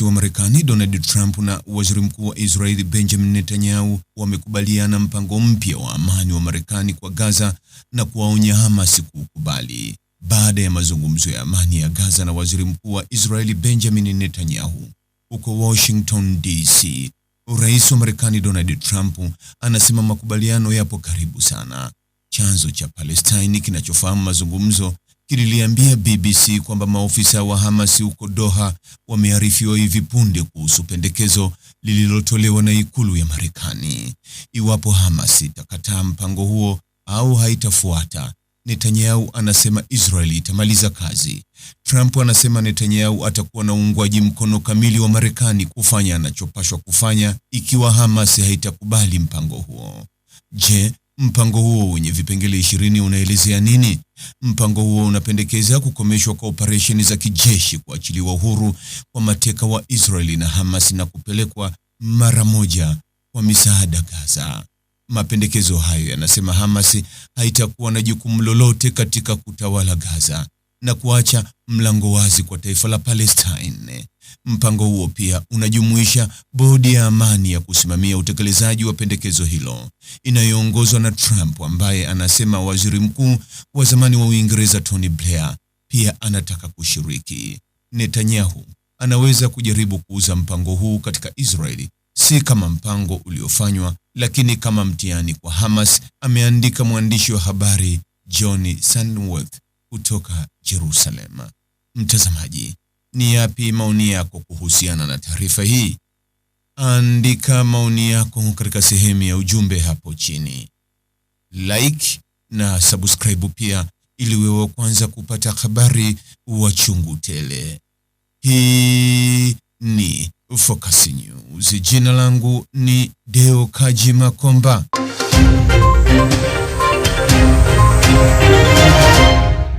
Rais wa Marekani Donald Trump na Waziri Mkuu wa Israeli Benjamin Netanyahu wamekubaliana mpango mpya wa amani wa Marekani kwa Gaza na kuwaonya Hamas kuukubali. Baada ya mazungumzo ya amani ya Gaza na Waziri Mkuu wa Israeli Benjamin Netanyahu huko Washington DC, Rais wa Marekani Donald Trump anasema makubaliano yapo karibu sana. Chanzo cha Palestine kinachofahamu mazungumzo kililiambia BBC kwamba maofisa wa Hamasi huko Doha wamearifiwa hivi punde kuhusu pendekezo lililotolewa na ikulu ya Marekani. Iwapo Hamasi itakataa mpango huo au haitafuata, Netanyahu anasema Israeli itamaliza kazi. Trump anasema Netanyahu atakuwa na uungwaji mkono kamili wa Marekani kufanya anachopashwa kufanya ikiwa Hamas haitakubali mpango huo. Je, mpango huo wenye vipengele ishirini unaelezea nini? Mpango huo unapendekeza kukomeshwa kwa operesheni za kijeshi, kuachiliwa uhuru kwa mateka wa Israeli na Hamas na kupelekwa mara moja kwa misaada Gaza. Mapendekezo hayo yanasema Hamas haitakuwa na jukumu lolote katika kutawala Gaza na kuacha mlango wazi kwa taifa la Palestine. Mpango huo pia unajumuisha bodi ya amani ya kusimamia utekelezaji wa pendekezo hilo inayoongozwa na Trump, ambaye anasema waziri mkuu wa zamani wa Uingereza Tony Blair pia anataka kushiriki. Netanyahu anaweza kujaribu kuuza mpango huu katika Israeli, si kama mpango uliofanywa, lakini kama mtihani kwa Hamas, ameandika mwandishi wa habari John Sandworth kutoka Jerusalem. Mtazamaji, ni yapi maoni yako kuhusiana na taarifa hii? Andika maoni yako katika sehemu ya ujumbe hapo chini. Like na subscribe pia, ili wewe kwanza kupata habari wa chungu tele. Hii ni Focus News. Jina langu ni Deo Kaji Makomba.